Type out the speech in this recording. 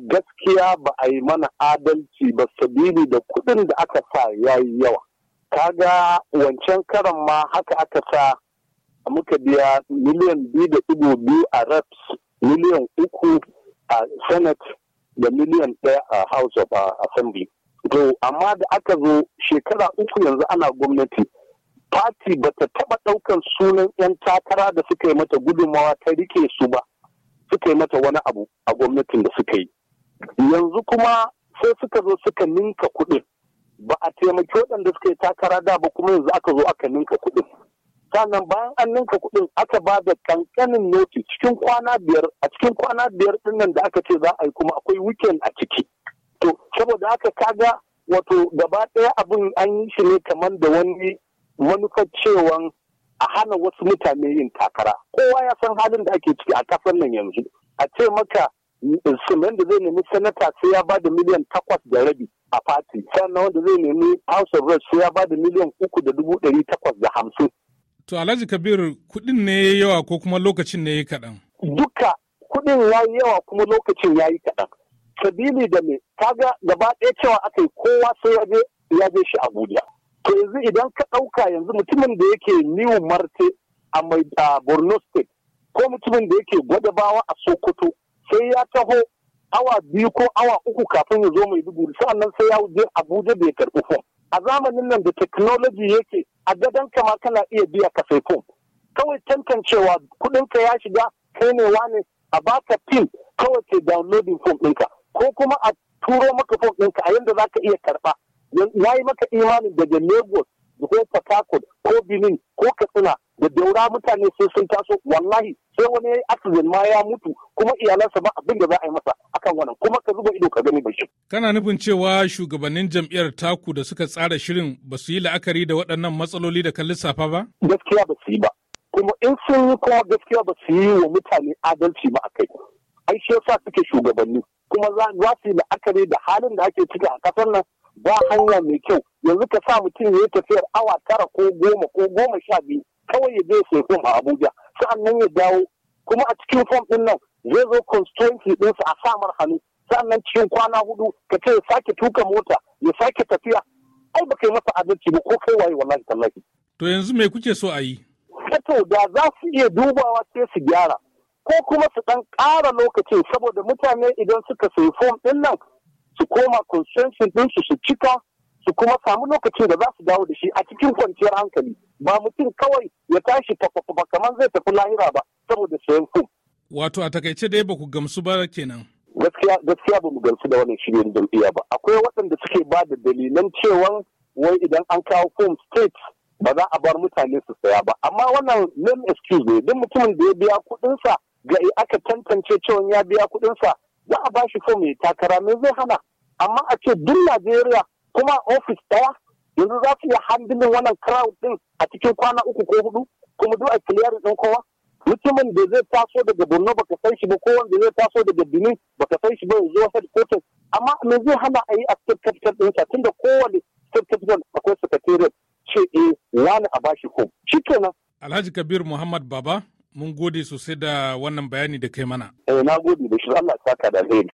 gaskiya ba a yi mana adalci ba sabili da kuɗin da aka sa ya yi yawa kaga wancan karan ma haka aka sa muka biya miliyan biyu da ɗigo biyu a reps miliyan uku a senate da miliyan ɗaya a house of uh, assembly to amma da aka zo shekara uku yanzu ana gwamnati fati ba ta taɓa ɗaukan sunan 'yan takara da suka yi mata gudunmawa ta rike su ba suka yi mata wani abu a gwamnatin da suka yi yanzu kuma sai suka zo suka ninka kuɗin ba a taimaki waɗanda suka yi takara da ba kuma yanzu aka zo aka ninka kuɗin sannan bayan an ninka kuɗin aka ba da kankanin noti cikin kwana biyar a cikin kwana biyar ɗinnan da aka ce za a yi kuma akwai weekend a ciki to saboda aka kaga wato gaba ɗaya abin an yi shi ne kamar da wani manufar cewa a hana wasu mutane yin takara kowa ya san halin da ake ciki a kasar nan yanzu a ce maka da zai nemi sanata sai ya bada miliyan takwas da rabi a fati sannan wanda zai nemi house of reps sai ya bada miliyan uku da dubu ɗari takwas da hamsin. to alhaji kabir kuɗin ne ya yawa ko kuma lokacin ne ya yi kaɗan. duka kuɗin ya yi yawa kuma lokacin ya yi kaɗan sabili da me kaga gaba ɗaya cewa aka yi kowa sai ya je ya je shi abuja to yanzu idan ka ɗauka yanzu mutumin da yake new marte a borno state ko mutumin da yake gwadabawa a sokoto sai ya taho awa biyu ko awa uku kafin ya zo mai duguri sa'annan sai ya je abuja da ya karɓi fom a zamanin nan da technology yake a gadon kama kana iya biya ka sai fom kawai tantancewa kuɗinka ya shiga kai ne wane a baka pin kawai ke downloading fom ɗinka ko kuma a turo maka fom ɗinka a yadda za ka iya karɓa ya yi maka imanin daga lagos ko port ko benin ko katsina da daura mutane sai sun taso wallahi sai wani ya yi ma ya mutu kuma iyalansa ba abin da za a yi masa akan wannan kuma ka zuba ido ka gani ba shi. Kana nufin cewa shugabannin jam'iyyar taku da suka tsara shirin ba su yi la'akari da waɗannan matsaloli da kan lissafa ba? Gaskiya ba su yi ba. Kuma in sun yi kuma gaskiya ba su yi wa mutane adalci ba a kai. Ai shi yasa suke shugabanni kuma za su yi la'akari da halin da ake ciki a ƙasar nan ba hanya mai kyau yanzu ka sa mutum ya yi tafiyar awa tara ko goma ko goma sha biyu kawai ya je ya fom a Abuja sa'an nan ya dawo kuma a cikin fom ɗin nan zai zo constituency ɗinsu a samar hannu sannan cikin kwana hudu ka ce ya sake tuka mota ya sake tafiya ai ba kai masa adalci ba ko kai waye wallahi tallafi. to yanzu me kuke so a yi to da za su iya dubawa sai su gyara ko kuma su dan ƙara lokaci saboda mutane idan suka sayi fom ɗin nan su koma consensus ɗinsu su cika su kuma samu lokacin da za su dawo da shi a cikin kwanciyar hankali ba mutum kawai ya tashi ba kamar zai tafi lahira ba saboda sayan fom Wato a takaice dai ba ku gamsu ba kenan. Gaskiya ba mu gamsu da wannan shirin jam'iyya ba. Akwai waɗanda suke ba da dalilan cewa wai idan an kawo form state ba za a bar mutane su saya ba. Amma wannan name excuse ne duk mutumin da ya biya kuɗinsa ga aka tantance cewa ya biya kuɗinsa za a ba shi form ya takara me zai hana. Amma a ce duk Najeriya kuma ofis ɗaya yanzu za su iya handling wannan crowd ɗin a cikin kwana uku ko hudu kuma duk a clearing ɗin kowa. mutumin da zai taso daga borno baka san shi ba ko wanda zai taso daga benin baka san shi ba yanzu wasu kotun amma me zai hana a yi a state capital ɗinsa tunda kowane state capital akwai secretariat ce eh wani a bashi ko shi kenan alhaji kabir muhammad baba mun gode sosai da wannan bayani da kai mana eh na gode da shi Allah ya saka da alheri